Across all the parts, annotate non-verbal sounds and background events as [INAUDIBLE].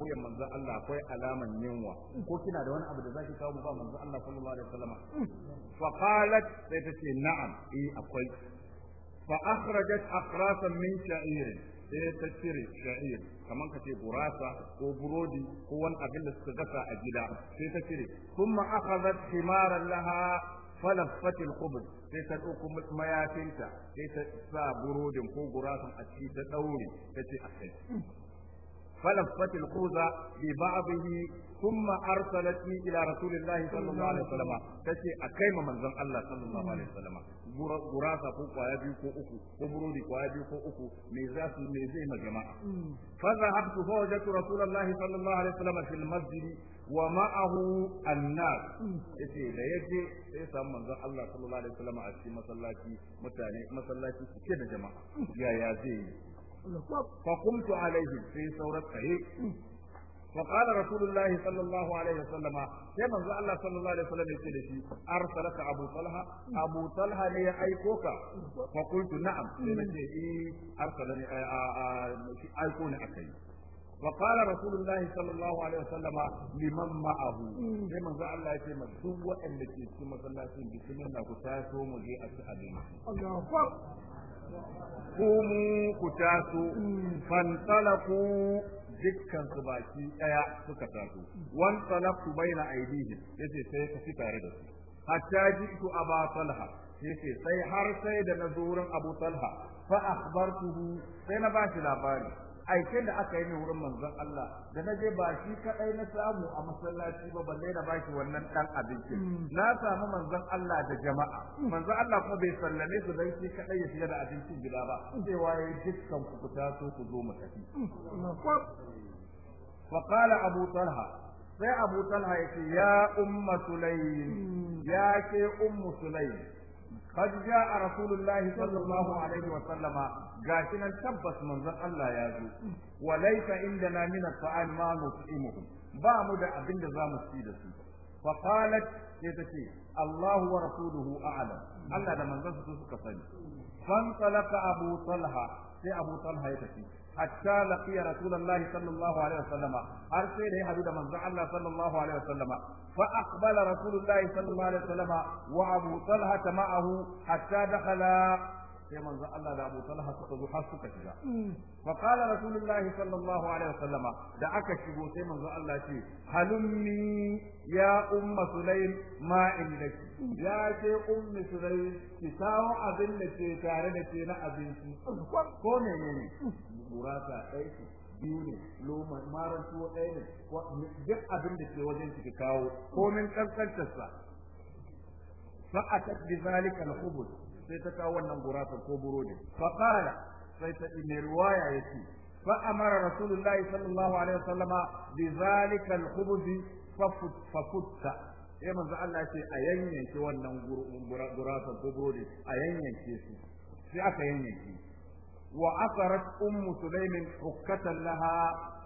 koyan manzon Allah akwai alaman yunwa ko kina da wani abu da zaki kawo ba manzon Allah sallallahu alaihi wasallam fa qalat sai ta ce na'am eh akwai fa akhrajat aqrasan min sha'ir sai ta cire sha'ir kamar ka ce gurasa ko burodi ko wani abin da suka gasa a gida sai ta cire kuma akhadhat himaran laha falaffat al-khubz sai ta dauko mayafinta sai ta sa burodin ko gurasan a ciki ta daure ta ce akai فلفت الخوذة ببعضه ثم أرسلتني إلى رسول الله صلى الله عليه وسلم تشي أكيم من زن الله صلى الله عليه وسلم براسة فوق ويجي فوق أكو وبرود ويجي فوق أكو ميزاس ميزيم جماعة فذهبت فوجدت رسول الله صلى الله عليه وسلم في المسجد ومعه الناس yace da yaje sai samu manzon Allah sallallahu alaihi wasallam a cikin masallaci mutane masallaci suke da jama'a yaya zai yi فقمت عليه في سورة saurat فقال رسول الله صلى الله عليه وسلم كما قال الله صلى الله عليه وسلم يقول أرسلك أبو طلحة أبو طلحة لي أيكوك فقلت نعم أرسلني أيكون أكي وقال رسول الله صلى الله عليه وسلم لمن معه كما قال الله كما سوى أنك كما صلى الله عليه وسلم بسم الله كتاسو مجيء الله أكبر kumu ku taso mm. fantalaku dukkan su baki daya suka taso wan talaku baina aidihi yace sai ka fi tare da su hatta ku aba talha yace sai har sai da nazurin abu talha fa akhbartuhu sai na bashi labari aikin da aka yi ne wurin manzon Allah da na je ba shi kadai na samu a masallaci ba balle ba bashi wannan dan abinci mm. na samu manzon Allah da jama'a mm. manzon Allah kuma bai sallame su dan shi kadai ya shiga da abincin gida ba mm. sai waye dukkan ku taso ku zo mu tafi فقال أبو طلحة sai abu talha ya ce ya umma sulaim ya ce ummu sulaim قد جاء رسول الله صلى الله عليه وسلم غاشنا تبس منزل الله يا ذو وليس عندنا من الطعام ما نطعمه بامد أبن نظام السيدة فقالت يتشي الله ورسوله أعلم الله لمن ذا سكسني فانطلق أبو طلحة سي أبو طلحة يتشي hatta laqiya rasulullahi sallallahu alaihi wasallama har sai da ya hadu da manzon Allah sallallahu alaihi wasallama fa aqbala rasulullahi sallallahu alaihi wasallama wa abu talha ma'ahu hatta dakhala sai manzo Allah da Abu Talha suka zo har suka shiga fa qala rasulullahi sallallahu alaihi wasallama da aka shigo sai manzo Allah ce halummi ya umma sulaim ma indaki ya ce ummi sulaim ki samu abin da ke tare da ke na abinci ko menene burata ɗaya ce biyu ne loma marar tuwo ɗaya ne duk abin da ke wajen ki kawo komin kankantarsa fa'atat bi zalika al-khubuz sai ta kawo wannan gurasa ko burodi fa qala sai ta mai riwaya yace fa amara rasulullahi sallallahu alaihi wasallama bi zalika al fa futta eh manzo Allah ce a yanyanke wannan gurasa ko burodi a yanyanke su sai aka yanyanke wa akarat ummu sulaimin hukkatan laha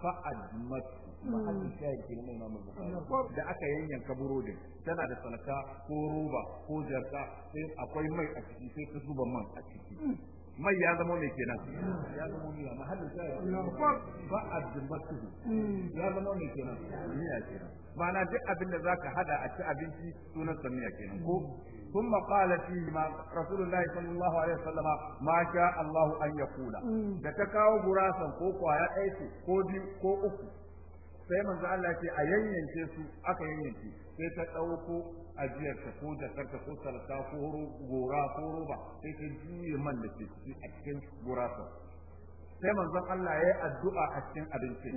fa admat mahallin shayin ke na imam bukhari da aka yanyanka burodin tana da salaka ko roba ko jarka sai akwai mai a ciki sai ta zuba man a ciki hmm. mai ya zama mai kenan hmm. ya zama miya mahallin shayin ba a dimbatu hmm. ya zama mai kenan miya kenan ma'ana duk abin da zaka hada a ci abinci sunan sa miya kenan ko ثم قال فيهما رسول الله صلى الله عليه وسلم ما شاء الله ان يقول da ta kawo gurasan ko kwaya ɗaya ko biyu ko uku sai manzo Allah ce a yayyanke su aka yayyanke sai ta dauko ajiyar ta ko da karta ko salata ko gora ko roba sai ta juye man da ke ciki a cikin ta sai manzo Allah ya yi addu'a a cikin abinci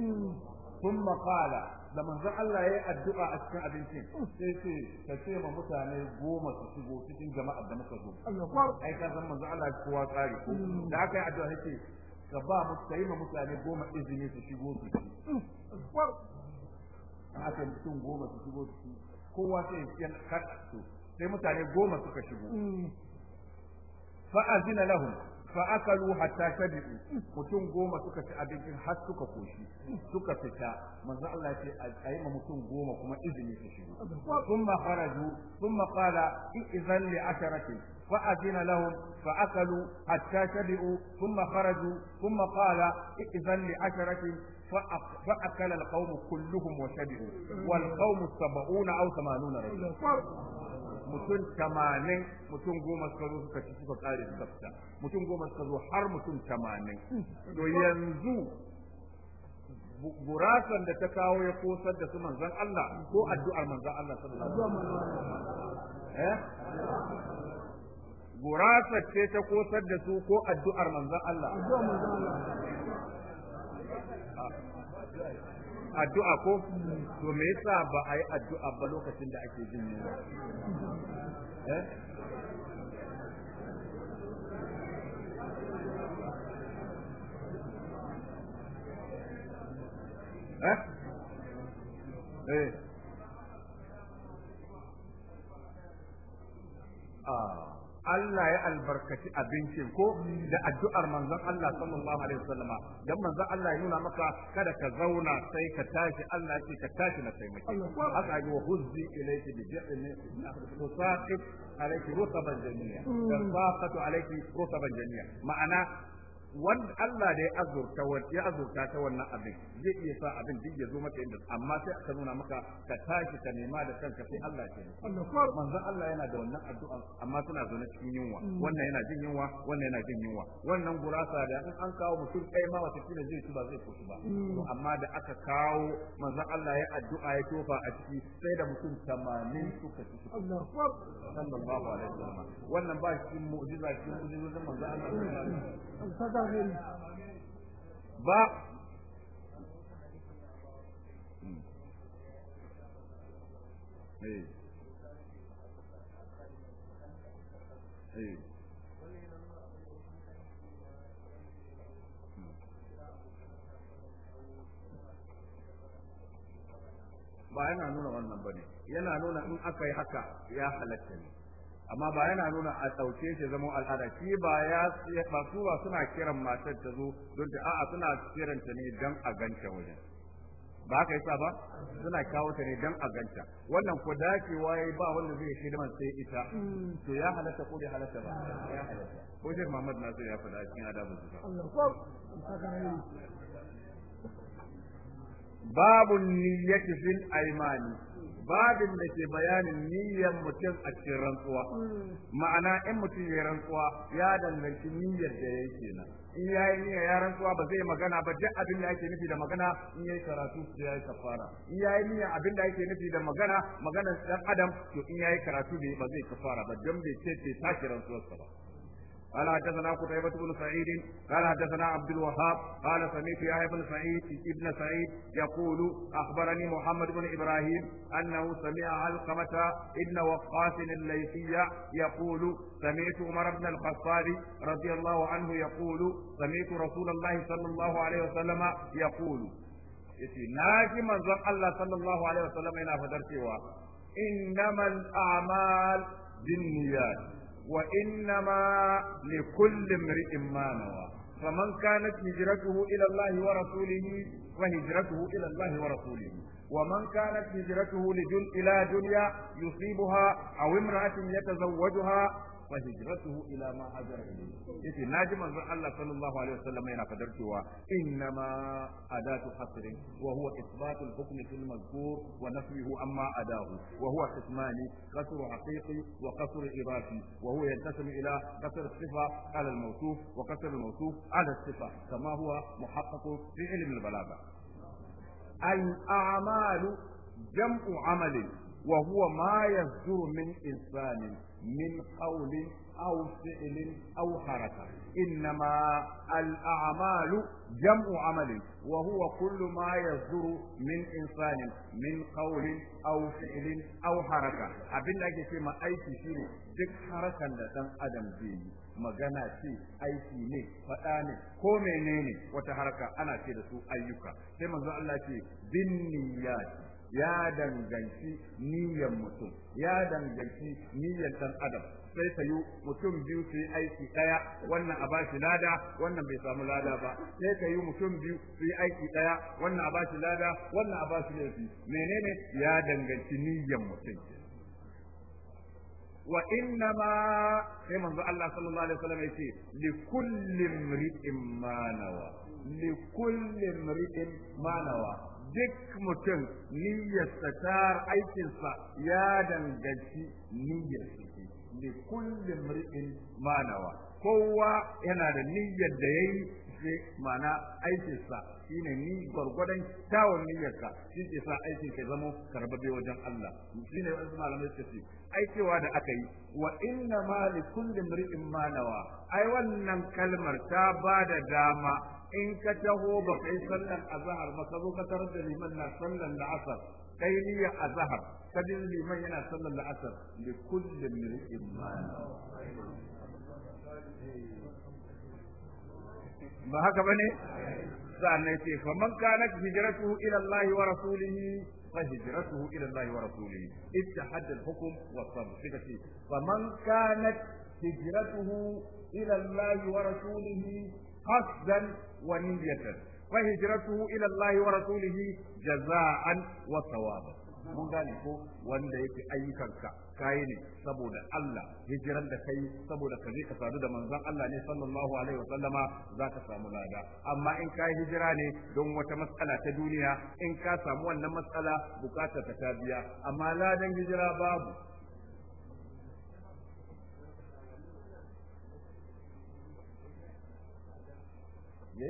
Kun قال da manzo Allah ya yi addu'a a cikin abincin sai ce ka ce ma mutane goma su shigo cikin jama'a da muka zo ai ka san manzo Allah kowa tsari ko mm. da aka yi addu'a sai ka ba mu sai ma mutane goma izini su shigo su mm. aka yi mutum goma su shigo su kowa sai ya kakasu sai mutane goma suka shigo mm. fa azina lahum fa akalu hatta shadu mutum goma suka ci abincin har suka koshi suka fita manzo Allah ce a yi ma mutum goma kuma izini su shigo sun kharaju thumma qala idhan li asharati fa azina lahum fa akalu hatta shadu thumma kharaju thumma qala idhan li asharati فأكل القوم كلهم وشبعوا والقوم السبعون أو ثمانون رجلا mutum tamanin mutum goma suka zo suka ci suka kare suka fita mutum goma suka zo har mutum tamanin to yanzu burasan da ta kawo ya kosar da su manzan Allah ko addu'ar manzan Allah sallallahu alaihi wasallam gurasar ce ta kosar da su ko addu'ar manzan Allah. addu'a ko to me yasa ba a yi addu'a ba lokacin da ake jin yunwa eh eh eh ah Allah ya albarkaci abincin ko da addu'ar manzon Allah sallallahu alaihi wasallama dan manzon Allah ya nuna maka kada ka zauna sai ka tashi Allah ya ce ka tashi na sai maki haka yi wa huzzi ilayki bi ji'ni tusaqib alayki rutaban jamia mm. tasaqatu alayki rutaban jamia ma'ana wanda Allah da ya azurta ya azurta ta wannan abin zai iya sa abin duk ya zo maka inda amma sai aka nuna maka ka tashi ka nema da kanka sai Allah ke manzon Allah yana da wannan addu'a amma suna zo na cikin yunwa mm. wannan yana jin yunwa wannan yana jin yunwa wannan gurasa da in an kawo mutum kai ma wata kila zai ci ba zai kusa ba mm. amma da aka kawo manzon Allah ya addu'a ya tofa a ciki sai da mutum 80 suka ci sallallahu alaihi wasallam wannan ba shi mu'jiza shi mu'jizan manzon Allah mm. kafiri ba ba yana nuna wannan ne yana nuna in aka yi haka ya halatta ne amma ba yana nuna a sauke shi zama al'ada shi ba ya ba su ba suna kiran matar ta zo don ta a'a suna kiran ta ne dan a ganta wajen ba ka yasa ba suna kawo ta ne dan a ganta wannan ko dace waye ba wanda zai hidiman sai ita mm. to ya halatta ko bai halatta ba ya halatta ko shi Muhammad Nasir ya faɗa cikin adabu zuwa babu niyyati fil aymani babin da ke bayanin niyyar mutum a cikin rantsuwa mm. ma'ana in mutum ya rantsuwa ya danganci niyyar da ya yi kenan in ya yi niyyar ya rantsuwa ba zai magana ba duk abin da ake nufi da magana in ya yi karatu sai ya yi kafara in ya yi niyyar abin da ake nufi da magana maganar dan adam to in ya yi karatu ba zai kafara ba don bai ce ce sake rantsuwarsa ba قال حدثنا قتيبة بن سعيد قال حدثنا عبد الوهاب قال سمعت يحيى بن سعيد ابن سعيد يقول أخبرني محمد بن إبراهيم أنه سمع علقمة ابن وقاص الليثي يقول سمعت عمر بن الخطاب رضي الله عنه يقول سمعت رسول الله صلى الله عليه وسلم يقول yace na ji manzon Allah sallallahu alaihi wasallam yana fadar cewa innamal a'mal binniyat وإنما لكل امرئ ما نوى فمن كانت هجرته إلى الله ورسوله فهجرته إلى الله ورسوله ومن كانت هجرته لدن إلى دنيا يصيبها أو امرأة يتزوجها fa hijratuhu ila ma hajara ilayhi yace naji manzon Allah sallallahu alaihi wasallam yana fadar cewa innama adatu hasrin wa huwa isbatu al-hukm fil wa nafyuhu amma adahu wa huwa qismani qasru haqiqi wa qasru irafi wa huwa yanqasimu ila qasr as-sifa ala wa qasr al ala sifa huwa muhaqqaq fi ilm al al-a'malu jam'u amalin وهو ما يصدر من إنسان من قول أو فعل أو حركة إنما الأعمال جمع عمل وهو كل ما يصدر من إنسان من قول أو فعل أو حركة أبن لك فيما أي شيء تك حركة لتن أدم ديني magana ce أي ne faɗa فتاني كومي نيني وتحركة أنا ana ce da كما ayyuka sai manzo Allah ya danganci niyyar mutum ya danganci niyyar dan adam sai ta yi mutum biyu su yi aiki daya wannan a bashi lada wannan bai samu lada ba sai ka yi mutum biyu su yi aiki daya wannan a bashi lada wannan a bashi laifi menene ya danganci niyyar mutum wa inna ma sai manzo Allah sallallahu alaihi wasallam yake li kulli imri'in ma nawa li kulli imri'in ma nawa duk mutum niyyarsa ta aikinsa ya danganci niyyarsa li kullum mri'in manawa kowa yana da niyyar da yayi sai mana aikinsa shine ni gwargwadon kyawun niyyarka shi ke sa aikin ka zama karbabe wajen Allah shine wasu malamai suka ce aikewa da aka yi wa inna ma li kulli mri'in manawa ai wannan kalmar ta ba da dama in ka taho ba kai sallan azahar ba ka zo ka tarar da liman na sallan da asar kai niyya azahar ka din liman yana sallan da asar li kulli mri'in ba haka bane sannan ce fa man kanat hijratuhu ila Allah wa rasulihi فهجرته إلى الله ورسوله اتحد الحكم والصبر فمن كانت هجرته إلى الله ورسوله قصدا ونية فهجرته إلى الله ورسوله جزاء وثوابا mun gane ko wanda yake ayyukanka kai ne saboda Allah hijiran da kai saboda ka je ka sadu da manzon Allah ne sallallahu alaihi wasallama za ka samu lada amma in kayi hijira ne don wata matsala ta duniya in ka samu wannan matsala bukatar ta biya amma ladan hijira babu ne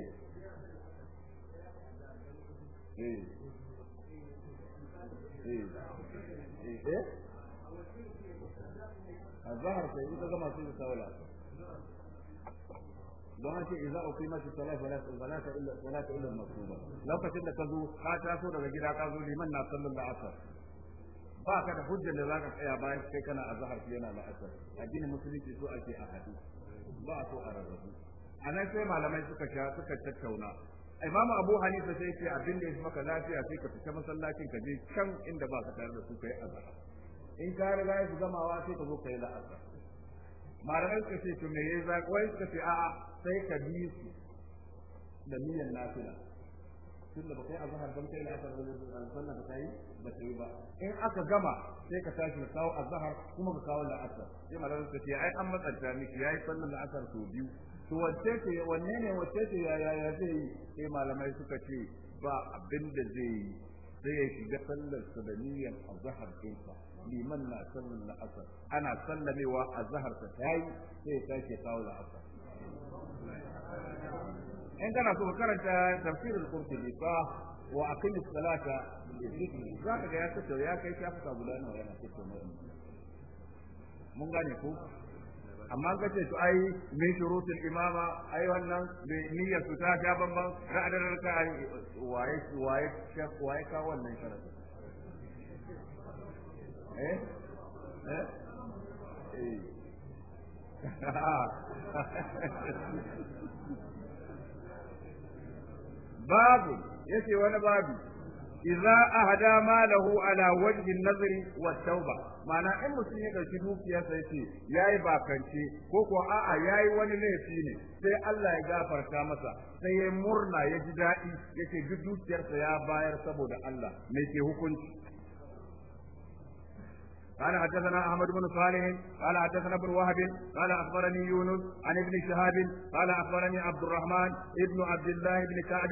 eh eh eh a zahar sai ita sun don wala illa illa lokacin da ka zo ka taso daga gida ka zo liman na sallan da asar ba ka da hujjar da zaka tsaya bayan kai kana azhar addinin musulunci so ake ba so a rarrabu a nan sai malamai suka sha suka tattauna imamu abu hanifa sai ce abin da ya fi maka lafiya sai ka fita masallacin ka je can inda ba ka tare da su kai azhar in ka riga ya fi gamawa sai ka zo ka yi la'asar malamai suka ce to me yayi zaka wai suka ce a'a sai ka bi su da niyyar nafila tunda ba kai azhar ban kai la'asar ba sallah ba kai ba kai ba in aka gama sai ka tashi ka kawo azhar kuma ka kawo la'asar sai malamai suka ce ai an matsanta miki yayi sallar la'asar to biyu to wacce ce wanne ne wacce ce ya ya zai sai malamai suka ce ba abin da zai yi sai ya shiga sallar sa da niyyar azhar liman na sallar la'asar ana sallamewa azhar ta tayi sai ya ke kawo la'asar in kana so karanta tafsirul qurtubi fa wa aqimis salata za zaka ga ya kace ya kai shafuka guda nawa yana kace mun gane ko amma ka ce to ai min shurutul imama ai wannan mai niyyar su ta ga banban ra'adar ka ai waye waye shek waye ka wannan sharadi eh eh, eh. [LAUGHS] babu yace wani babu iza ahada malahu ala wajhi nazri wat-tauba ma'ana in mutum ya dauki dukiya sai ce yayi bakance ko ko a'a yayi wani laifi ne sai Allah ya gafarta masa sai ya murna ya ji dadi yace duk dukiyarsa ya bayar saboda Allah me ke hukunci قال حدثنا احمد بن صالح قال حدثنا ابن وهب قال اخبرني يونس عن ابن شهاب قال اخبرني عبد الرحمن ابن عبد الله بن كعب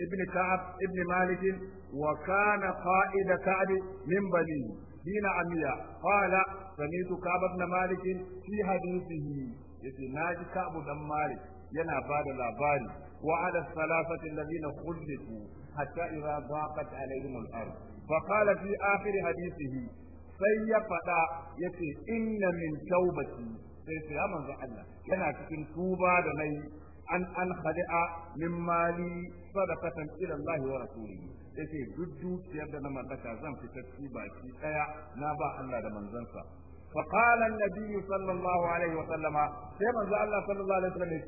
ابن كعب ابن مالك وكان قائد كعب من بني دين عمية قال سمعت كعب بن مالك في حديثه يتناجي كعب بن مالك ينا بعد الأباري وعلى الثلاثة الذين خلفوا حتى إذا ضاقت عليهم الأرض فقال في آخر حديثه سيفتا يتي إن من توبتي sai ce ya manzo Allah yana cikin tuba da nayi an an khadi'a min mali sadaqatan ila Allah wa rasulihi yace duk dukiyar da na mallaka zan fitar shi baki daya na ba Allah da manzansa فقال النبي صلى الله عليه وسلم كما قال الله صلى الله عليه وسلم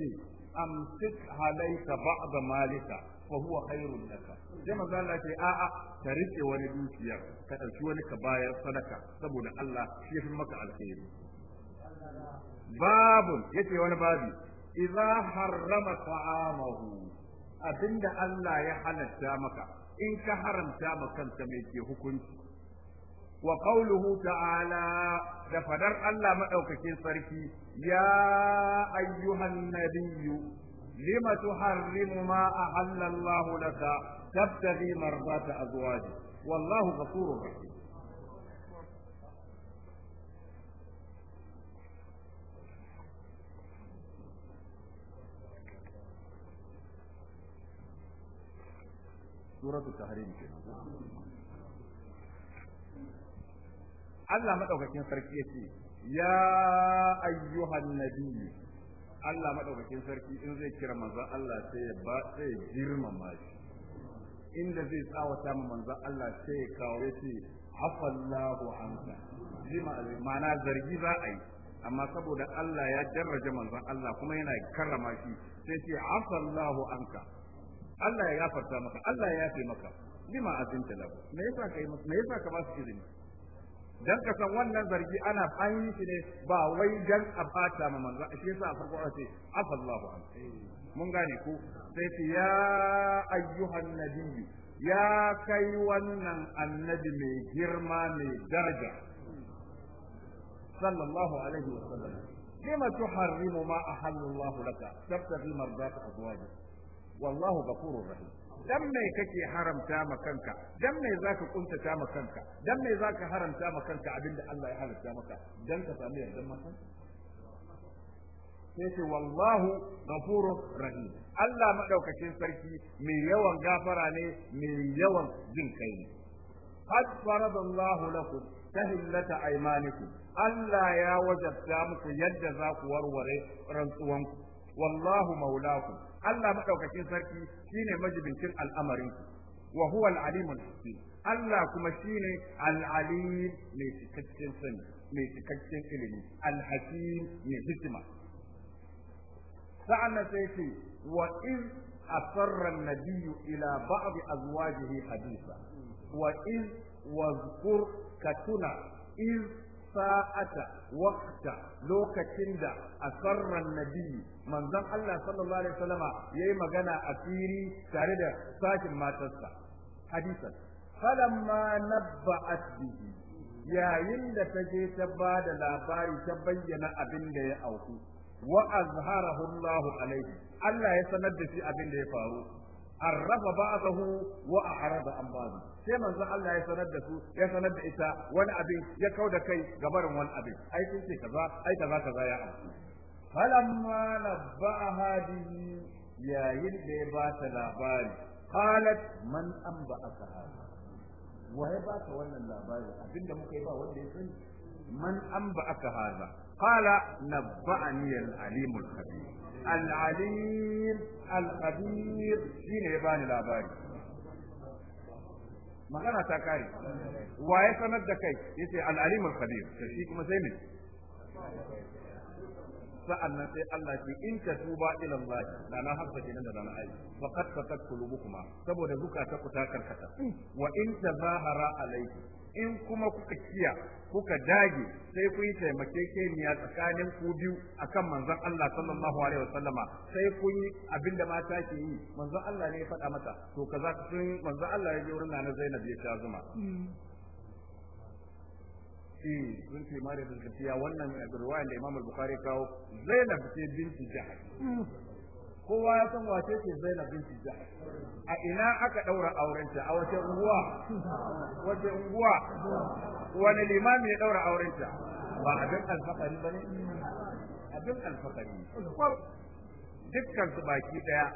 أمسك عليك بعض مالك فهو خير لك كما قال الله كي آآ تريك ونبوكيا كتشوني كباير صدقة سبود الله شيخ مكة الخير باب يتي ونبابي Iza harrama ta'amahu abinda Allah ya halatta maka in ka haramta ma kanka mai ke hukunci wa qawluhu ta'ala da fadar Allah madaukakin sarki ya ayyuhan nabiyyu lima tuharrimu ma ahalla Allah laka tabtaghi mardata azwaji wallahu ghafurur rahim suratul tahrim kenan Allah madaukakin sarki yace ya ayyuhan nabiyyu Allah madaukakin sarki in zai kira manzo Allah sai ya ba sai girmama shi inda zai tsawata ma manzo Allah sai ya kawo yace afallahu anka jima ma'ana zargi za a yi amma saboda Allah ya jarraje manzon Allah kuma yana karrama shi sai ce afallahu anka Allah ya gafarta maka Allah ya yafe maka lima azinta lahu me yasa kai me yasa ka ba su izini dan ka san wannan zargi ana fahimi shi ne ba wai dan a bata ma manzo shi yasa a farko a ce afallahu an mun gane ku sai ce ya ayyuhan nabiyyu ya kai wannan annabi mai girma mai daraja sallallahu alaihi wa sallam lima tuharrimu ma ahallallahu laka tabtaghi mardata azwajika wallahu ghafurur rahim dan me kake haramta ma kanka dan me zaka kuntata ma kanka dan me zaka haramta ma kanka abinda Allah ya halatta maka dan ka samu yardan maka sai ce wallahu ghafurur rahim Allah madaukakin sarki mai yawan gafara ne mai yawan jin kai ne qad faradallahu lakum tahillata aymanikum Allah ya wajabta muku yadda za ku warware rantsuwanku wallahu maulakum Allah madaukakin sarki shine majibincin al'amarin wa huwa al Allah kuma shine al-alim mai cikakken sani mai cikakken ilimi al mai hikima sa'an sai ce wa in asarra na nabiyyu ila ba'd azwajihi hadisa wa in wazkur katuna iz sa'ata waqta lokacin da asarran nabi manzon Allah sallallahu alaihi wasallama yayi magana a tsiri tare da sakin matarsa hadisan falamma nabba'at bihi yayin da ta je ta ba da labari ta bayyana abin da ya auku wa azharahu Allah alaihi Allah ya sanar da shi abin da ya faru arrafa ba'dahu wa a'rada an ba'dahu sai manzo Allah ya sanar da su ya sanar da ita wani abin ya kau da kai ga barin wani abin ai sun ce kaza ai kaza kaza ya abu falamma nabba'aha bihi yayin da ya ba ta labari qalat man anba'aka hada wa ya ba ta wannan labari abinda muka yi ba wanda ya sani man anba'aka hada qala nabba'ani al-alimul khabir al-alim al-khabir shine ya bani labari magana ta kare wa ya sanar da kai yace al-alim al-khabir shi kuma sai ne sa'annan sai Allah ce in ta tuba ila Allah da na hafsa kenan da na ayi qad fatat qulubukuma saboda zukata ku ta karkata wa in tazahara alayhi in kuma kuka kiya kuka dage sai kun taimakekeniya tsakanin ku biyu akan manzon Allah sallallahu alaihi wasallama sai kun yi abinda mata ke yi manzon Allah ne ya faɗa mata to kaza sun manzon Allah ya je wurin nan Zainab ya sha zuma hmm. eh sun ce mare da gaskiya wannan riwayar da Imam Bukhari kawo Zainab ce binti Jahsh hmm. kowa ya san wace ce Zainab binti Jahsh a ina aka daura aurenta a wace unguwa wace unguwa wani limami ya daura aurenta ba abin alfakari bane abin alfakari dukkan su baki daya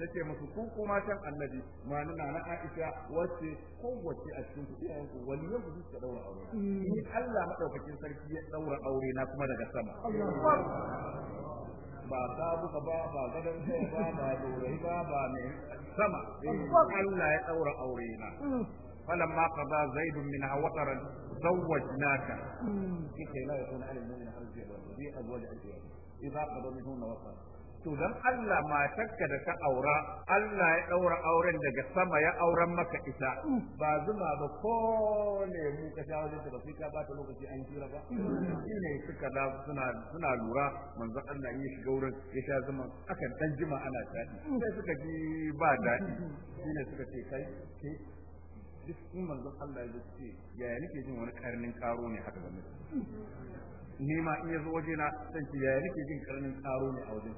take musu ku kuma san annabi ma nuna na Aisha wace kowace a cikin iyayen ku wani ya gudu ta daura aure ni Allah madaukakin sarki ya daura aure na kuma daga sama ba ka ba ba gadon kai ba ba dorai ba ba ne sama eh, Allah ya daura aure na mm. falan ma ba zaidun min hawatara zawajnaka mm. kike na yana alimin arziki wa bi azwaj ajwa idan ka ba mun wasa to dan Allah matarka da ka aura Allah ya daura auren daga sama ya auren maka ita ba zuma ba ko ne mu ka sha wajen da sai ka ba ta lokaci an jira ba shine suka da suna suna lura manzon Allah ya shiga wurin ya sha zuma akan dan jima ana tadi sai suka ji ba dadi shine suka ce kai duk manzon Allah ya ce ne nake jin wani karnin karo ne haka ba ni ma in yazo waje na san ki yaya nake jin karnin karo ne a wajen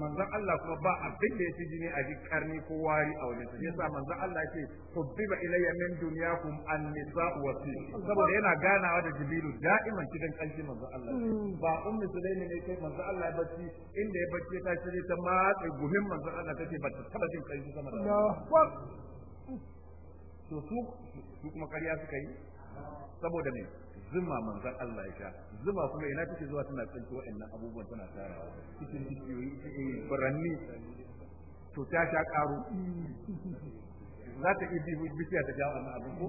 manzon Allah kuma ba abin da yake jini a ji karni ko wari a wajen sa yasa manzon Allah yake hubbiba ilayya min dunyakum an-nisa'u wa saboda yana ganawa da jibilu da'iman cikin kanshi manzon Allah mm. ba ummu Sulaimi ne kai manzon Allah ya bacci inda ya bacci ta shirye ta matsa gumin manzon Allah take ba ta taba jin kanshi sama da to su kuma ƙarya suka yi saboda me zuma manzan Allah ya sha zuma kuma ina take zuwa tana tsinci wa'annan abubuwan tana tarawa cikin cikiyoyi cikin furanni to ta sha karu za ta iya bi bishiya ta jawo wannan abin ko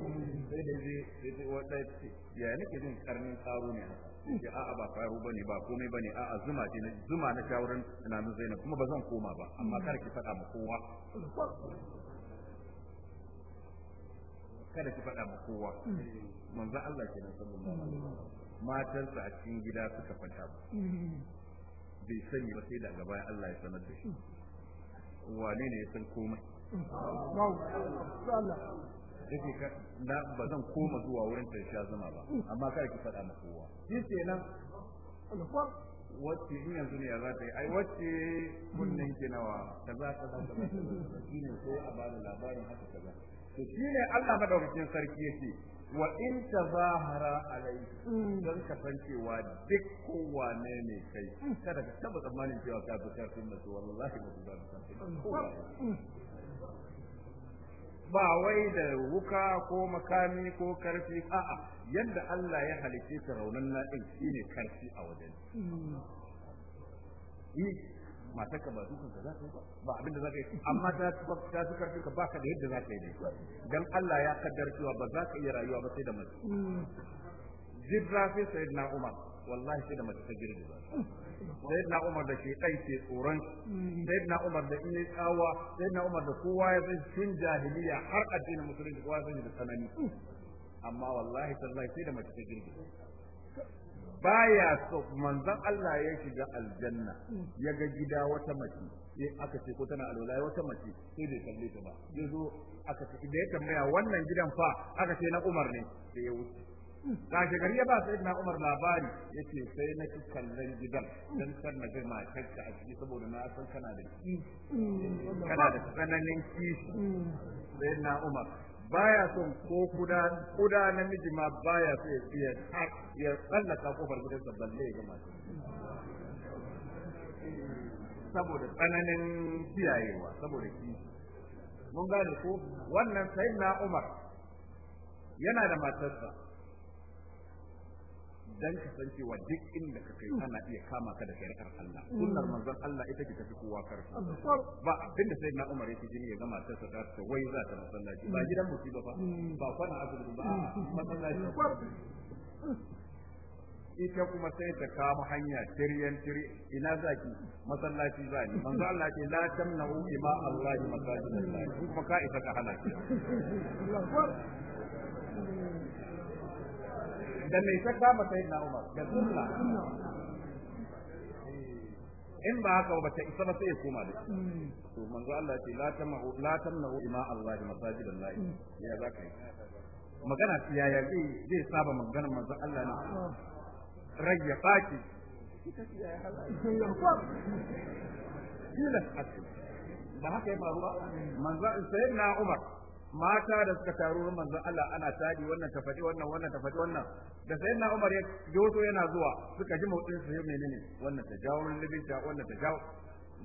sai da zai sai wata ce ya nake jin karnin karu ne haka ya a ba karo bane ba komai bane a zuma ce zuma na shawaran na Zainab kuma ba zan koma ba amma kar ki faɗa ma kowa kada ki faɗa ma kowa manzo Allah ke sallallahu alaihi wasallam matarsa a cikin gida suka faɗa bai sani ba sai daga baya Allah ya sanar da shi wane ne ya san komai yake ka ba zan koma zuwa wurin ta sha zama ba amma kada ki faɗa ma kowa shi kenan wacce in yanzu ne ya za ta yi ai wacce kunnen ki nawa kaza kaza kaza ne sai a bada labarin haka kaza to ne Allah madaukakin sarki yake wa in tazahara ka don cewa duk kowa ne kai kada ka taba tsammanin cewa ka fi karfin mutu wallahi ba za ka ba wai da wuka ko makami ko karfi a'a yadda Allah ya halice ta raunan na din shine karfi a wajen matar ka ba dukan ka za ka yi ba ba abin da za ka yi amma ta ta su karfin ka baka da yadda za ka yi ne dan Allah ya kaddar cewa ba za ka iya rayuwa ba sai da mace jibra sai sayyidina Umar wallahi sai da mace ta girgi ba sayyidina Umar da ke dai ke tsoron sayyidina Umar da in tsawa sayyidina Umar da kowa ya san cin jahiliya har addinin musulunci kowa ya san da tsanani amma wallahi tallahi sai da mace ta girgi baya so manzon Allah ya shiga aljanna ya ga gida wata mace sai aka ce ko tana alwala wata mace sai bai kalle ta ba ya zo aka ce da ya tambaya wannan gidan fa aka ce na Umar ne sai ya wuce kashi gari ya ba sai na Umar labari yace sai na ci kallon gidan dan san na ga matar a ciki saboda na san kana da kishi mm. kana da tsananin kishi sai na Umar baya son ko kuda kuda namiji ma baya so ya ya tsallaka kofar gidansa balle ga mata saboda tsananin kiyayewa saboda ki mun gane ko wannan sai na Umar yana da matarsa dan ka san cewa duk inda ka kai ana iya kama ka da shari'ar Allah sunnar manzon Allah ita ce tafi kowa karfi ba abin da na Umar yake jini ya gama ta sadar ta wai za ta masallaci ba gidan musiba ba ba kwana azumi ba masallaci ita kuma sai ta kama hanya tiryan tiri ina zaki masallaci za ni? manzo Allah ce la tamnu ima Allah masallaci kuma ka isa ka halaka da mai shakka ta sai na Umar da sunna in ba haka ba ta isa ba sai ya koma da to manzo Allah ce la tamahu la tamnahu ima Allah masajid Allah ya zaka yi magana ya ya zai zai saba magana manzo Allah ne rayya faki baki tilas ba haka ya faru ba manzo sayyidina Umar mata da suka taru manzon Allah ana tadi wannan ta faɗi wannan wannan ta faɗi wannan da sai na Umar ya yoto yana zuwa suka ji motsin su menene wannan ta jawo wannan ta wannan ta jawo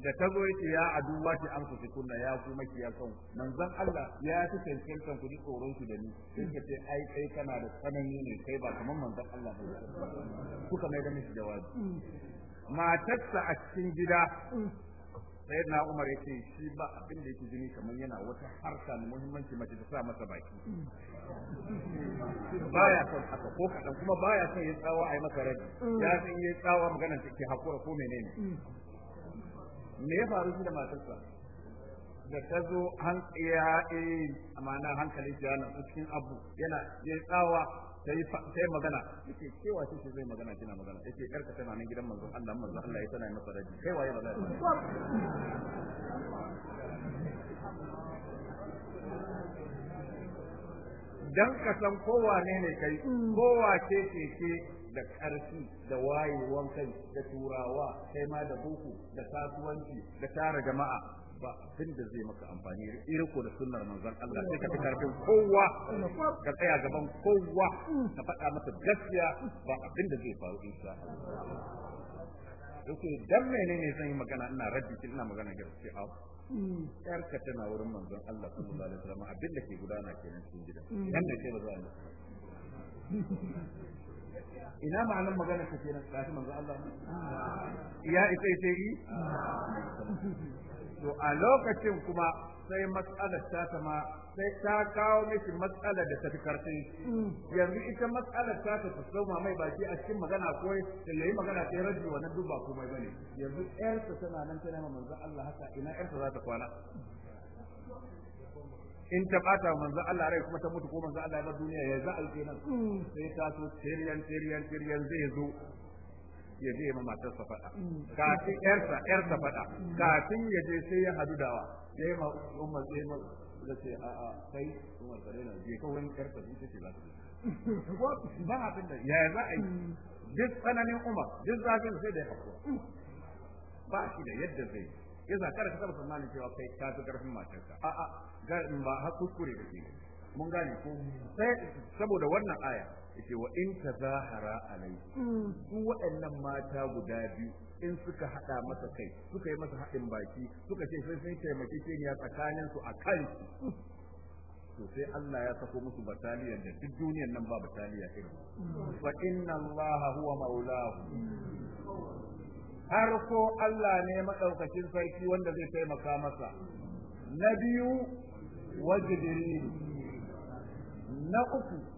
da ta zo yace ya aduwa ce an kuci kunna ya ku maki ya kan manzon Allah ya ci tantan ku ji tsoron ku da ni sai ka ce ai kai kana da tsanani ne kai ba kaman manzon Allah ba kuka mai da miki jawabi matarsa a cikin gida sai na umar yake shi ba abin da yake jini kamar yana wata harka na muhimmanci mace ta sa masa baki baya son haka ko kadan kuma baya son ya tsawa a yi maka rabi ya san ya tsawa magana ke hakura ko menene me ya faru shi da matarsa da ta zo ya eh, amana hankali shi na cikin abu yana ya tsawa sai magana yake cewa shi shi zai magana kina magana yake yar ka tana nan gidan manzon Allah manzon Allah ya yi masa raji kai waye magana za dan ka san kowa ne ne kai kowa ce ce ce da ƙarfi da wayewan kai da turawa kai ma da boko da kasuwanci da tara jama'a ba abin da zai maka amfani ko da sunnar manzon Allah sai ka karfin kowa ka tsaya gaban kowa ka faɗa masa gaskiya ba abin da zai faru insha yake dan menene zan yi magana ina raddi ina magana gaskiya au yarka tana wurin manzon Allah sallallahu alaihi wasallam abin da ke gudana kenan cikin gidan dan da ke ba za ina ma'anar magana ta kenan kashi manzo Allah ya isa sai yi to a lokacin kuma sai matsalar ta ma sai ta kawo miki matsalar da ta fi karfi yanzu ita matsalar ta ta tsoma mai baki a cikin magana ko yi magana ta rajin wannan duba komai bane yanzu ƴarsa tana nan tana ma manzo Allah haka ina ƴarsa za ta kwana in ta bata manzo Allah rai kuma ta mutu ko manzo Allah ya bar duniya ya za a yi mm. sai ta so tiryan tiryan tiryan zai zo ya je ma matarsa faɗa mm. kafin yarsa yarsa faɗa mm. kafin ya je sai ya hadu dawa sai ma umma sai ma da ce a a kai umma da rena je kawai yarsa ita ce za ta je ba abin da ya za a yi mm. duk tsananin umma duk zafin sai da ya hakuwa ba shi da yadda zai ya za ka rasa tsammanin cewa kai ka fi karfin matarka a a ba har kuskure da ke mun gane ko sai saboda wannan aya yace wa in a alai mm. su waɗannan mata guda biyu in suka hada masa kai suka yi masa haɗin baki suka ce sai sun taimake keniya tsakanin su a kan to sai Allah ya sako musu bataliya da duk duniyar nan ba bataliya irin mm. fa inna Allah huwa maulahu har ko Allah ne madaukakin sarki wanda zai taimaka masa na biyu wa na uku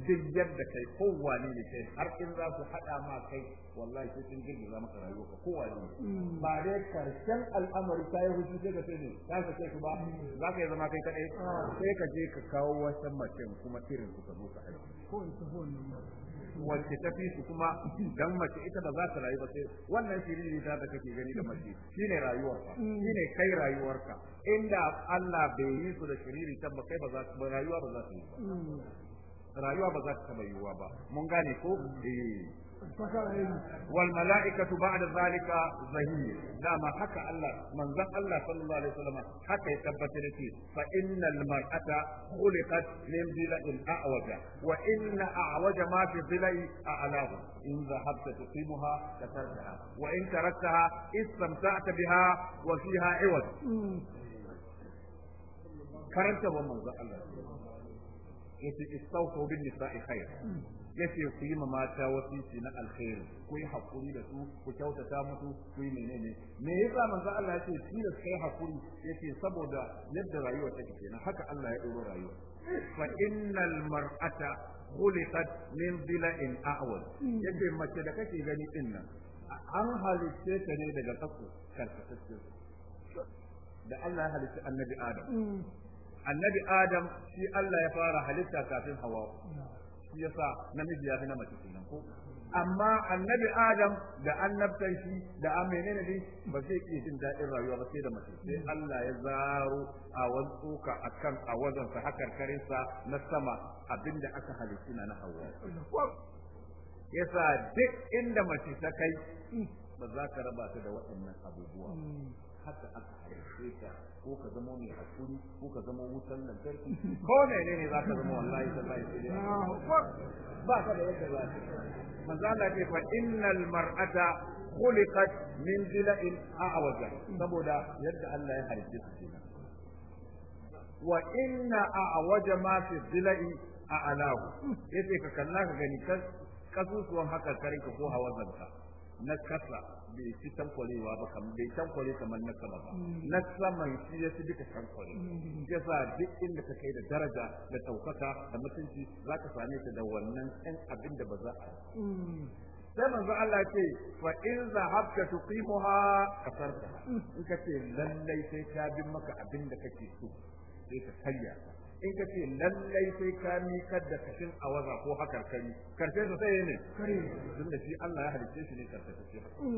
duk yadda kai kowane ne kai har in za su haɗa ma kai wallahi sai sun girgiza maka rayuwa ka kowane ne mm. ba dai karshen al'amari ta yi hutu sai ka sai ne ta ka sai ba mm. za ka yi zama kai kaɗai, ah. sai ka je ka kawo wata mace kuma irin su ka zo ka aiki wacce ta fi su kuma dan mace ita ba za ta rayu ba sai wannan shiriri da da kake gani da mace ne rayuwarka mm. Shi ne kai rayuwarka inda Allah bai yi su da shiriri ta ba kai ba za ba rayuwa ba za su yi ba rayuwa ba za ta taba yiwuwa ba mun gane ko eh. wal mala'ika tu ba'da zalika zahir dama haka Allah manzon Allah sallallahu alaihi haka ya tabbatar ce fa innal mar'ata khuliqat min dilain a'waja wa inna a'waja ma fi dilai a'lahu in zahabta tuqimuha katarta wa in taraktaha istamta'ta biha wa fiha hmm. karanta wannan manzon Allah yace istawfu bin nisa'i khair yace ku yi mata wasisi na alheri. ku yi hakuri da su ku kyautata musu ku yi menene me yasa manzo Allah yace shi da kai hakuri yace saboda yadda rayuwa take kenan haka Allah ya doro rayuwa fa innal mar'ata khuliqat min dhila'in a'wad yace mace da kake gani din nan an halicce ta ne daga kasu karkatacce da Allah ya halicci annabi Adam mm. annabi adam shi Allah ya fara halitta kafin hawa shi yasa namiji ya fi na mace kenan ko amma annabi adam da annabtan shi da menene ne ba zai iya jin daɗin rayuwa ba sai da mace sai Allah ya zaro a wani tsoka akan a wazansa hakar karinsa na sama abinda aka halitta na hawa yasa duk inda mace ta kai ba za ka raba ta da waɗannan abubuwa haka aka haife ka ko ka zama mai hakuri ko ka zama wutan lantarki [LAUGHS] ko ne ne za ka zama wallahi tallahi ba ka da yadda za ka manzo Allah ke fa innal mar'ata khuliqat min dila'in a'waja saboda yadda Allah ya halice su wa inna a'waja ma fi dila'i a'lahu yace ka kalla ka gani kasusuwan haka karinka ko hawazanka na kasa bai ci tankwarewa ba kam bai tankware kamar na sama ba mm. na saman shi ya fi duka tankware mm. ya sa duk inda ka kai da daraja da ɗaukaka da mutunci za ka same ta da wannan ɗan abin da ba za a mm. sai manzo Allah ce fa in zahabta tuqimuha kasarta in ka ce lallai sai ta bin maka abin da kake so sai ka karya in ka ce lallai sai ka mikar da kashin a waza ko hakar kari karshe su sai ne kare tun da shi Allah ya halicce shi ne karshe su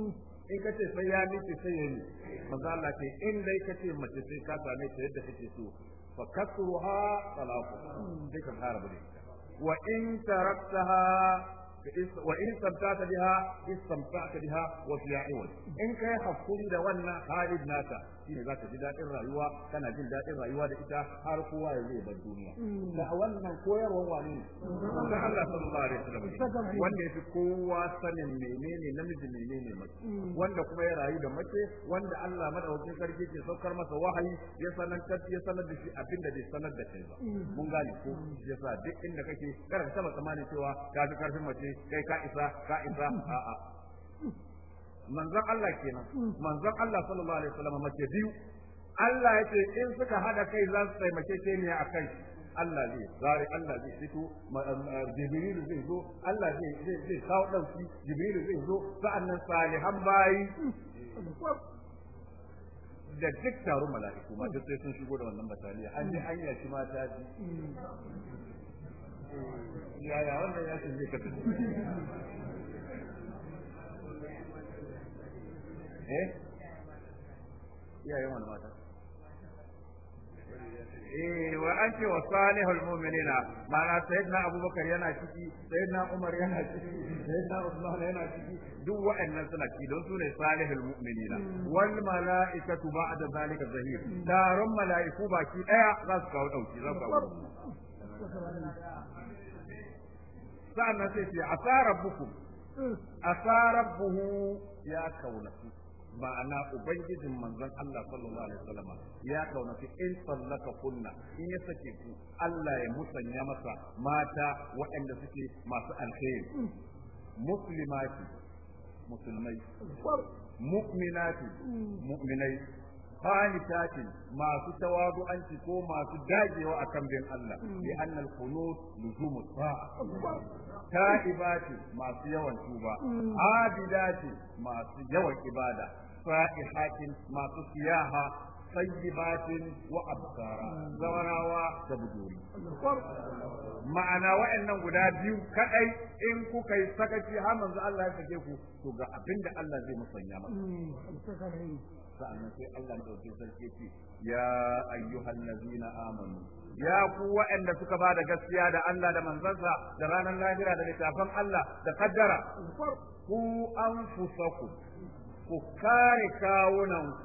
in ka ce sai ya miƙe sai ne maza Allah ce in dai ka ce mace sai ka same ta yadda kake so fa kasruha talaqu sai ka fara bude wa in taraktaha وإن استمتعت بها استمتعت بها وفي In إن كان حفظ لنا خالد ناسا shine zaka ji daɗin rayuwa kana jin daɗin rayuwa da ita har kowa ya zai bar duniya mm. da wannan koyarwar wani da Allah sallallahu alaihi wasallam wanda yafi kowa sanin menene namiji menene mace mm. wanda kuma ya rayu da mace wanda Allah madaukakin sarki ke saukar masa wahayi ya sanantar ya sanar da shi abin da bai sanar da kai ba mm. mun gane ko yasa duk inda kake kada ka tsamanin cewa ka fi karfin mace kai ka isa ka isa a'a [LAUGHS] manzon Allah kenan manzon Allah sallallahu alaihi wasallam mace biyu Allah ya ce in suka hada kai za su taimake ke ne a kai Allah zai zari Allah zai fito Jibril zai zo Allah zai zai kawo dauki Jibril zai zo sa'annan salihan bayi da duk taron mala'iku ma duk sai sun shigo da wannan bataliya an ji an ma ta ji yaya wannan ya zai ka eh iyayen wani mata eh wa ake wa salihul mu'minina ma'ana sayyidina abubakar yana ciki sayyidina umar yana ciki sayyidina usman yana ciki duk wa'annan suna ciki don su ne salihul mu'minina mm. wal mala'ikatu ba'da zalika zahir taron mala'iku baki daya za su kawo dauki za su kawo sa'annan sai ce asara rabbukum mm. asara rabbuhu ya kaunatu ma'ana ubangijin manzon Allah sallallahu alaihi wasallam ya fi in sallaka kunna in ya sake ku Allah ya musanya masa mata waɗanda suke masu alheri muslimati musulmai mu'minati mu'minai qanitatin masu tawadu'anci ko masu dagewa akan bin Allah bi anna al-qunut luzumu masu yawan tuba mm. abidati masu yawan ibada a sa'ihatin masu siyaha tayyibatin wa abkara zamanawa da buduri ma'ana wa'annan guda biyu kaɗai in kuka yi sakaci har manzo Allah ya sake ku to ga abinda Allah zai musanya maka sa'annan sai Allah ya dauke sarki ce ya ayyuhal ladina amanu ya ku waɗanda suka ba da gaskiya da Allah da manzansa da ranar lahira da littafan Allah da kaddara ku anfusakum ku kare kawunanku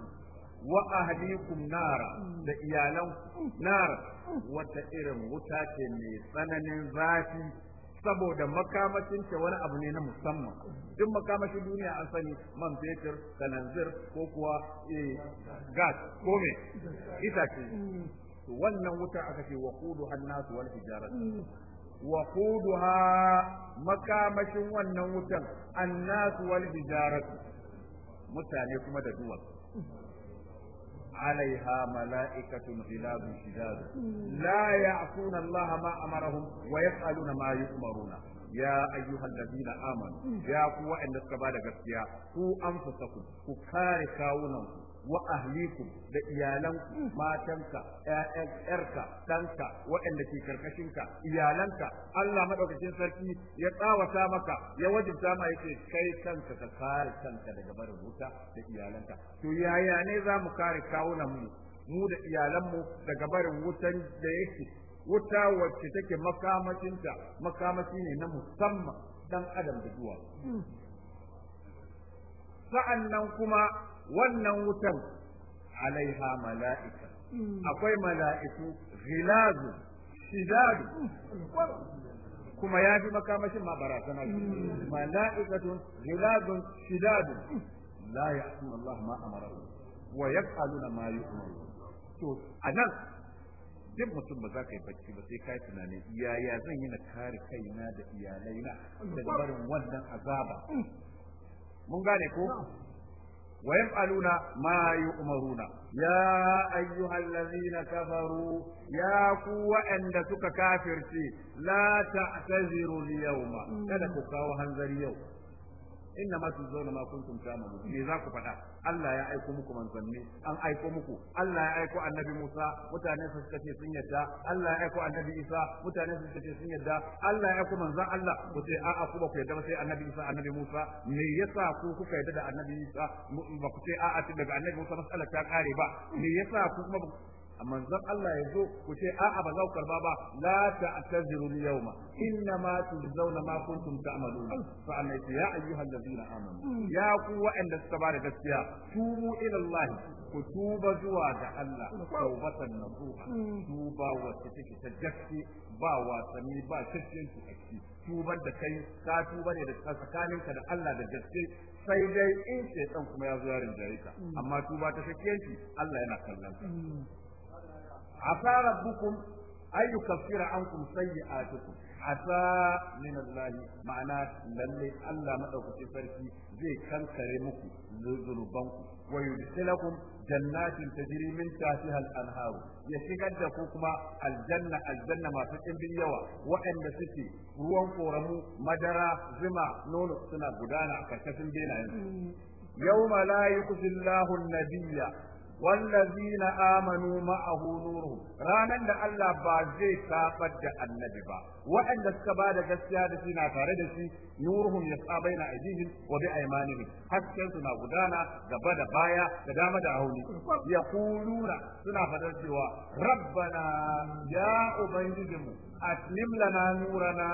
wa ahlikum nara da iyalanku nara wata irin wuta ce mai tsananin zafi saboda makamacin ta wani abu ne na musamman duk makamashin duniya an sani man fetur kananzir ko kuwa eh, gas ko me to wannan wuta aka ce wa kudu hannasu wal hijarat wa kuduha makamashin wannan wutan annasu wal hijaratu mutane kuma da duwatsu عليها ملائكة غلاب شداد لا يعصون الله ما أمرهم ويفعلون ما يؤمرون يا أيها الذين آمنوا يا قوة أن تكبار قسيا قو أنفسكم وكاركاونكم wa da iyalanku matanka yarka ɗanka waɗanda ke karkashinka iyalanka Allah madaukakin sarki ya tsawata maka ya wajibta ma yake kai kanka ka kare kanka daga barin wuta da iyalanka to yaya ne za mu kare kawunan mu mu da iyalanmu daga barin wutan da yake wuta wacce take makamacinta makamaci ne na musamman dan adam da zuwa sa'annan kuma wannan wutan alaiha mala'ika hmm. akwai mala'iku gilazu, shidadu kuma ya fi makamashin ma barazana hmm. mala'ikatun ghilazun shidadu la ya'tuna Allah ma amara wa yaf'aluna ma yu'maru to anan duk mutum ba za ka yi bacci ba sai ka yi tunanin yaya zan yi na kare kaina da iyalaina daga barin wannan azaba hmm. mun gane ko wa yaf'aluna ma yu'maruna ya ayyuhallazina kafaru ya ku wa'anda suka kafirce la ta'taziru al kada ku kawo hanzari yau inna ma tuzawna ma kuntum ta'malun me za ku faɗa Allah ya aiko muku manzanni an aiko muku Allah ya aiko annabi Musa mutane su suka ce sun yadda Allah ya aiko annabi Isa mutane su suka ce sun yadda Allah ya aiko manzan Allah ku ce a'a ku ba ku yadda sai annabi Isa annabi Musa me yasa ku kuka yadda da annabi Isa ba ku ce a'a daga annabi Musa mas'alar ta kare ba me yasa ku kuma manzon Allah ya zo ku ce a'a ba za ku karba ba la ta'taziru al-yawma inna ma tuzawna ma kuntum ta'maluna fa an ya ayyuha alladhina amanu ya ku inda suka ba da gaskiya tubu ila Allah ku tuba zuwa ga Allah tawbatan nasuha tuba wa take ta gaske ba wasanni ba cikin ku tubar da kai ka tuba ne da tsakaninka da Allah da gaske sai dai in shaitan kuma ya zo ya rinjaye amma tuba ta cikin Allah yana kallon عسى ربكم أن يكفر عنكم سيئاتكم عسى من الله معناه للي ألا مدعوك تفركي زي كان كريمك ذنوبانك ويدخلكم جنات تجري من تحتها الأنهار يشغل كما الجنة الجنة ما فتن باليوى وإن سكي روان فورمو مدرا زما نون سنة قدانا كتفن بينا يوم لا يكفي الله النبي والذين آمنوا معه نور رانا لألا بازي سابت النبي با وأن السباد جسيادة فينا تاردسي نورهم يسعى بين أيديهم وبأيمانهم حتى سنا غدانا غبدا بايا قدام دعوني يقولون سنا فدرسوا ربنا يا أبنجم أتمم لنا نورنا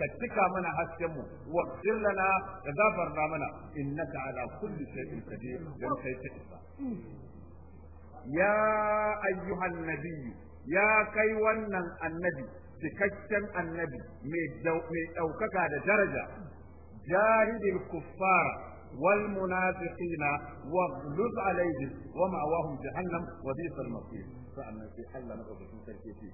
كتكا من حسكم واغفر لنا كذا فرنا منا إنك على كل شيء قدير لم تيتئس ya ayyuhan nabiyyu ya kai wannan annabi cikakken annabi mai ɗaukaka da daraja jahidil kuffara والمنافقين واغلظ عليهم ومأواهم جهنم وبئس المصير فأما في حل نقطة تركيتي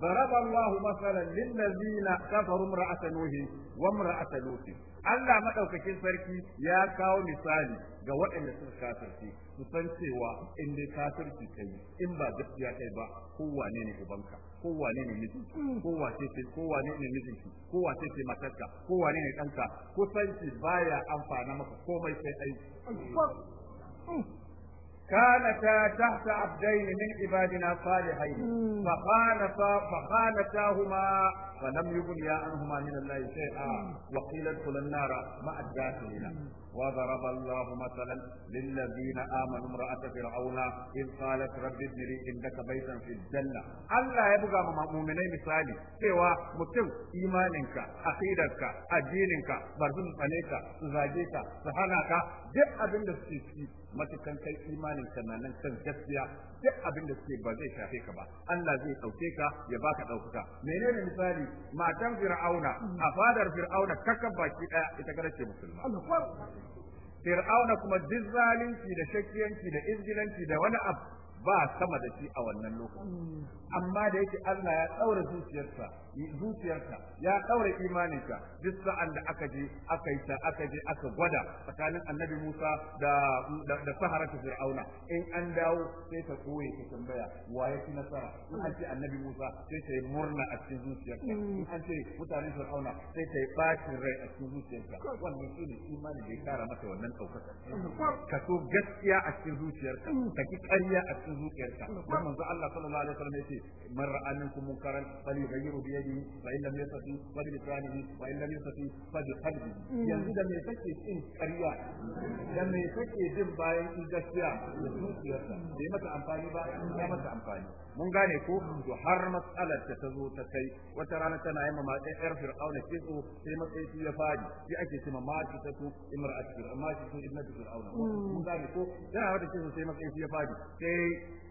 ضرب الله مثلا للذين كفروا امرأة نوح وامرأة لوط Allah madaukakin sarki ya kawo misali ga waɗanda suka kafirci su san cewa in dai kafirci kai in ba gaskiya kai ba kowane ne ubanka kowane ne miji kowace ce kowane ne ko kowace ce matarka kowane ne ɗanka kusanci baya amfana maka komai sai aiki كانتا تحت عبدين من عبادنا صالحين فخالتا فخالتاهما فلم يغنيا عنهما من الله شيئا وقيل ادخلا النار مع الداخلين وضرب الله مثلا للذين امنوا امراه فرعون اذ قالت رب ابن لي عندك بيتا في الجنه الله يبغى مؤمنين مثالي سوى متم ايمانك عقيدتك addinin ka bar su tsane ka su zage ka su hana ka duk abin da suke ci matukan kai imanin ka nan kan gaskiya duk abin da suke ba zai shafe ka ba Allah zai dauke ka ya baka dauka menene misali matan fir'auna a fadar fir'auna kakan baki daya ita garace ce musulma fir'auna kuma duk zalunci da shakkiyanci da izgilanci da wani abu ba sama da shi a wannan lokacin hmm. amma da yake Allah ya daura zuciyarsa zuciyarka ya daure imaninka duk sa'an da aka je aka yi aka je aka gwada tsakanin annabi Musa da da sahara ta Fir'auna in an dawo sai ta koye ta tambaya wa ya fi nasara in an ce annabi Musa sai ta yi murna a cikin zuciyarka mm. in an ce mutanen Fir'auna sai ta yi bacin rai a cikin zuciyarka wannan shi ne imani da ya kara mata wannan ɗaukaka ka so gaskiya a cikin zuciyarka mm. ka ki ƙarya a cikin zuciyarka mm. manzo Allah sallallahu alaihi wasallam yace man ra'a minkum munkaran falyughayyiru bi da بيده فإن لم يستطيع فبلسانه وإن لم يستطيع فبقلبه yanzu da mai kake cin kariya, da mai kake jin bayan in gaskiya da zuciyarsa da yi mata amfani ba ya mata amfani mun gane ko to har matsalar da ta zo ta kai wata rana tana yi ma ɗan fir'auna kitso sai matsayi ya fadi shi ake cewa ma ta tatu imra'atu fir'auna ma ta tatu ibnatu fir'auna mun gane ko tana wata kitso sai matsayi ya fadi sai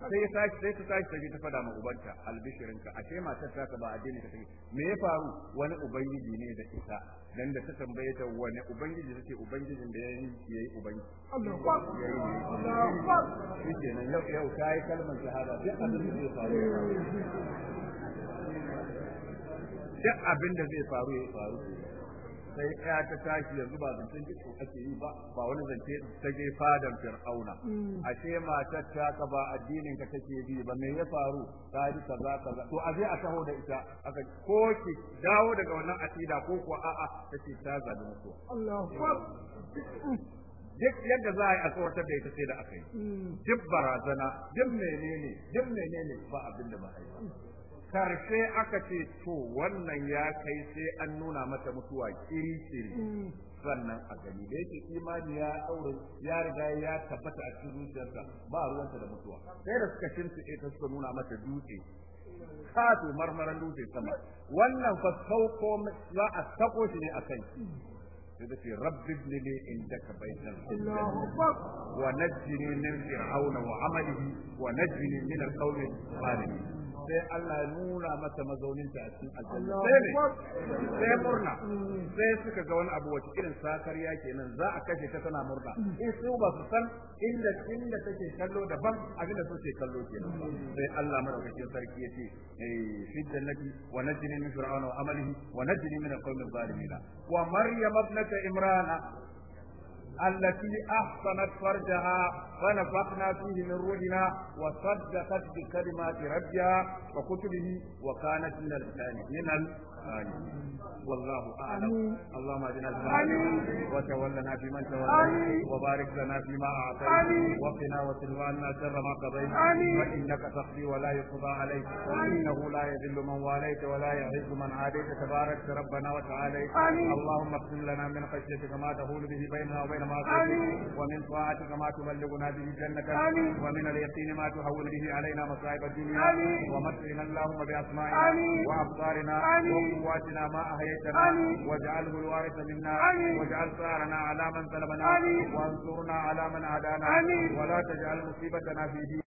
sai sai sai ta tashi taje ta fada ma ubanta albishirin ka ashe matar ta ba addini ka take me ya faru wani ubangiji ne da ita dan da ta tambaye ta wani ubangiji take ubangijin da yayi yayi ubangi Allahu akbar shikenan yau yau kai kalmar shahada duk abin da zai faru duk abin da zai faru ya faru sai ya ta tashi yanzu ba zancen kitso ake yi ba ba wani zance ta je fadan fir'auna mm. ashe matar ta ka ba addinin ka take bi ba me ya faru ta yi kaza kaza to aje a taho da ita aka ko ki dawo daga wannan aqida ko ko a'a tace ta zabi mutuwa Allahu duk yadda za a yi a tsawatar da ita sai da aka yi mm. duk barazana duk menene duk menene ba abin da ba a yi karshe aka ce to wannan ya kai sai an nuna mata mutuwa kiri-kiri mm. sannan a gani da yake imani ya daure ya riga ya tabbata a cikin zuciyarsa ba ruwanta da mutuwa sai da suka shimfiɗe ita suka nuna mata dutse kato marmaran dutse sama wannan fa sauko za a sako shi ne a kai sai da ce rabbi ibn li indaka baitan wa najjini min fir'auna wa amalihi wa najjini min al-qawmi al-zalimin sai Allah ya nuna mata mazaunin ta a cikin aljanna sai ne sai murna mm. sai suka ga wani abu wace irin sakarya kenan za a kashe ta tana murna mm. in su ba su san inda inda take kallo daban abin da suke kallo kenan mm. sai Allah madaukakin sarki yace eh fi jannati wa najini min fir'auna wa amalihi wa najini min al-qawmi adh-dhalimin wa maryam ibnata imrana التي أحصنت فرجها فنفخنا فيه من روحنا وصدقت بكلمات ربها وكتبه وكانت من الكاذبين والله اعلم اللهم اجعلنا في وتولنا فيمن توليت وبارك لنا فيما اعطيت وقنا واصرف عنا شر ما قضيت فانك تقضي ولا يقضى عليك انه لا يذل من واليت ولا يعز من عاديت تبارك ربنا وتعالى اللهم اقسم لنا من خشيتك ما تهول به بيننا وبين ما ومن طاعتك ما تبلغنا به جنتك ومن اليقين ما تهون به علينا مصائب الدنيا ومتعنا اللهم باسمائنا وابصارنا من قواتنا ما أحييتنا واجعله الوارث منا واجعل ثارنا على من ظلمنا وانصرنا على من عادانا ولا تجعل مصيبتنا في ديننا